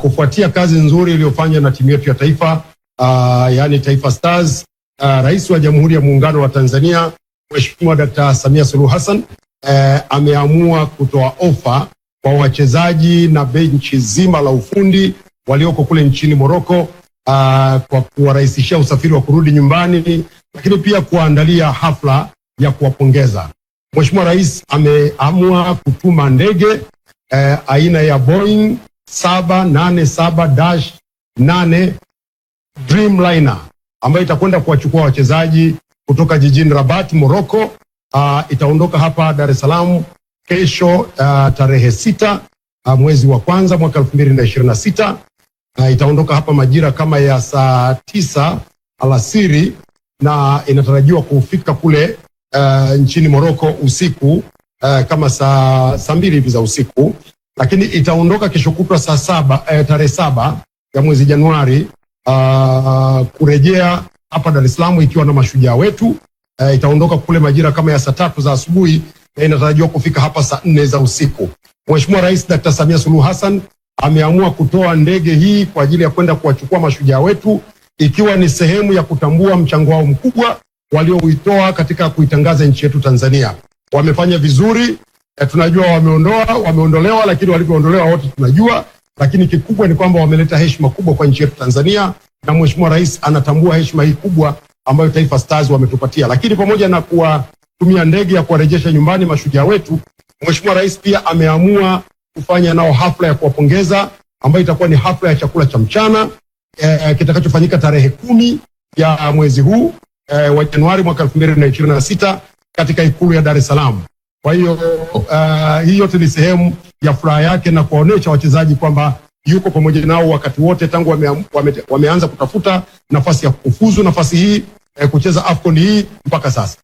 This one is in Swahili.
kufuatia kazi nzuri iliyofanywa na timu yetu ya taifa uh, ah, yani Taifa Stars uh, Rais wa Jamhuri ya Muungano wa Tanzania Mheshimiwa Dkt. Samia Suluhu Hassan uh, ameamua kutoa ofa kwa wachezaji na benchi zima la ufundi walioko kule nchini Moroko uh, ah, kwa kuwarahisishia usafiri wa kurudi nyumbani, lakini pia kuandalia hafla ya kuwapongeza. Mheshimiwa Rais ameamua kutuma ndege uh, aina ya Boeing dash nane Dreamliner ambayo itakwenda kuwachukua wachezaji kutoka jijini Rabat Morocco. Uh, itaondoka hapa Dar es Salaam kesho uh, tarehe sita uh, mwezi wa kwanza mwaka elfu mbili na ishirini na sita uh, itaondoka hapa majira kama ya saa tisa alasiri na inatarajiwa kufika kule uh, nchini Morocco usiku uh, kama saa saa mbili hivi za usiku lakini itaondoka kesho kutwa saa saba eh, tarehe saba ya mwezi Januari uh, kurejea hapa Dar es Salaam ikiwa na mashujaa wetu uh, itaondoka kule majira kama ya saa tatu za asubuhi na inatarajiwa kufika hapa saa nne za usiku. Mheshimiwa Rais Dr. Samia Suluhu Hassan ameamua kutoa ndege hii kwa ajili ya kwenda kuwachukua mashujaa wetu ikiwa ni sehemu ya kutambua mchango wao mkubwa walioitoa katika kuitangaza nchi yetu Tanzania. Wamefanya vizuri E, tunajua wameondoa wameondolewa, lakini walivyoondolewa wote tunajua, lakini kikubwa ni kwamba wameleta heshima kubwa kwa nchi yetu Tanzania, na Mheshimiwa Rais anatambua heshima hii kubwa ambayo Taifa Stars wametupatia. Lakini pamoja na kuwatumia ndege ya kuwarejesha nyumbani mashujaa wetu, Mheshimiwa Rais pia ameamua kufanya nao hafla ya kuwapongeza ambayo itakuwa ni hafla ya chakula cha mchana e, kitakachofanyika tarehe kumi ya mwezi huu e, wa Januari mwaka elfu mbili na ishirini na sita katika ikulu ya Dar es Salaam. Kwa hiyo uh, hii yote ni sehemu ya furaha yake na kuwaonyesha wachezaji kwamba yuko pamoja nao wakati wote tangu wame, wame, wameanza kutafuta nafasi ya kufuzu nafasi hii eh, kucheza AFCON hii mpaka sasa.